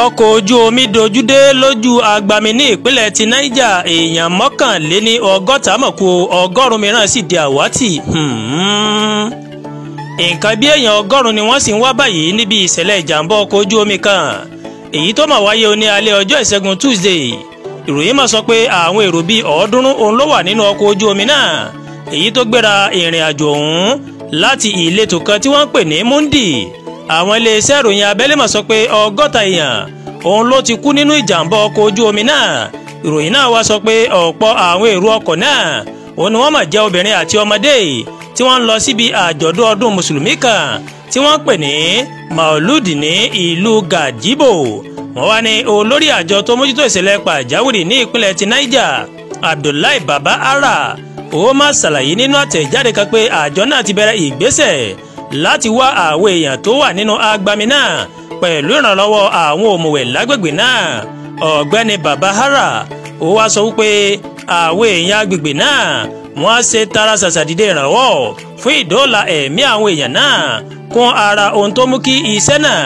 ọkọ̀ ojú omi dojúdé lójú agbami ní ìpínlẹ̀ ti niger èèyàn mọ́kànléní ọgọ́ta mọ̀kú ọgọ́rùn-ún mìíràn sì di àwátì hmm. nǹkan bí èèyàn ọgọ́rùn-ún ni wọ́n sì ń wá báyìí níbi ìṣẹ̀lẹ̀ ìjàmbá ọkọ̀ ojú omi kan èyí tó mà wáyé ní alẹ́ ọjọ́ ìṣẹ́gun tuesday ìròyìn mà sọ pé àwọn èrò bíi ọ̀ọ́dúnrún òun ló wà nínú ọkọ̀ ojú omi náà èyí tó gbéra ìrìn àjò ọ̀hún láti ìletò kan tí wọ́n ń pè ní mundi àwọn iléeṣẹ́ ìròyìn abẹ́lé mọ̀ sọ pé ọgọ́ta èèyàn òun ló ti kú nínú ìjàmbá ọkọ̀ ojú omi náà ìròyìn náà wá sọ pé ọ̀pọ̀ àwọn èrò ọkọ̀ náà òun ni wọ́n mọ̀ jẹ́ obìnrin àti ọmọdé tí wọ́n ń lọ síbi àjọ̀dún ọdún mùsùlùmí kan tí wọ́n pè ní mauludi ní ìlú gajibo wọ́n wá ní olórí àjọ tó mójútó ìṣẹ̀lẹ̀ pàjáwìrì ní ìpínlẹ̀ ti niger abdullahi baba ara ó máa ṣàlàyé nínú àtẹ̀jáde kan pé àjọ náà ti bẹ̀rẹ̀ ìgbésẹ̀ láti wá àwọn èèyàn tó wà nínú agbami náà pẹ̀lú ìrànlọ́wọ́ àwọn òmùwẹ̀ lágbègbè náà ọ̀gbẹ́ni babahara ó wá sọ wípé àwọn èèyàn agbègbè náà wọ́n á ṣe tara ṣàṣà dìde ìrànlọ́wọ́ fún ìdóòlà ẹ̀mí àwọn èèyàn náà kún ara ohun tó mú kí iṣẹ́ náà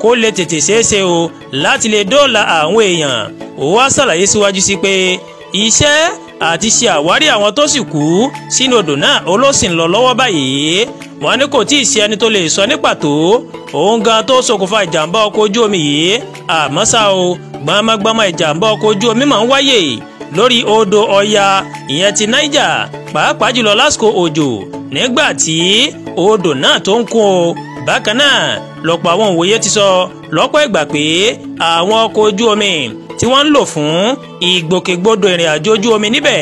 kó lè tètè ṣeéṣe o láti lè dóòlà àwọn èèyàn ó wá ṣàlàyé síwájú sí pé iṣẹ́ àti ṣe àwárí àwọn tó sì kú sínú odò náà olóṣìn lọ lọ́wọ́ báyìí wọ́n ní kò tí ì sí ẹni tó lè sọ ní pàtó òun gan tó ṣokùnfà ìjàmbá ọkọ̀ ojú omi yìí àmọ́ ṣá o gbọmọgbọmọ ìjàmbá ọkọ̀ ojú omi máa ń wáyè lórí odò ọya ìyẹn ti Niger pàápàá jùlọ lásìkò òjò nígbà tí odò náà tó ń kún o bákan náà lọ́pọ̀ àwọn òwòye ti sọ lọ́pọ̀ ìgbà pé àwọn ọkọ̀ ojú omi tí wọ́n ń lò fún ìgbòkègbodò ìrìn àjò ojú omi níbẹ̀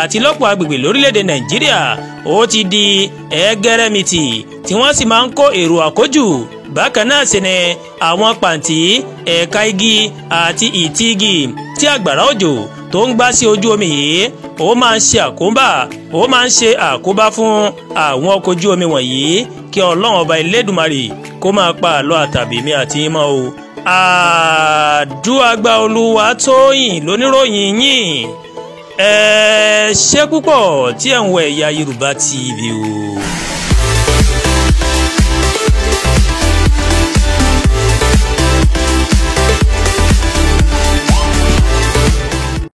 àti lọ́pọ̀ agbègbè lórílẹ̀‐èdè nàìjíríà ó ti di ẹ̀ẹ́gẹ́rẹ́mìtì tí wọ́n sì máa ń kó èrò àkójù bákan náà sì ni àwọn pàǹtí ẹ̀ka igi àti ìtí igi tí àgbàrá òjò tó ń gbá sí ojú omi yìí ó máa ń ṣe àkóbá ó máa ń ṣe àkóbá fún àwọn ọkọ̀ ojú omi wọ̀nyí kí ọlọ́run ọba elédùnmarè kó máa pa àlọ́ àtàbèmí àti ìmọ̀ o. àdúràgbà olúwa tóyìn lóníròyìn yìí ẹ ṣé púpọ̀ tí ẹ̀ ń wọ Ẹ̀yà Yorùbá TV o.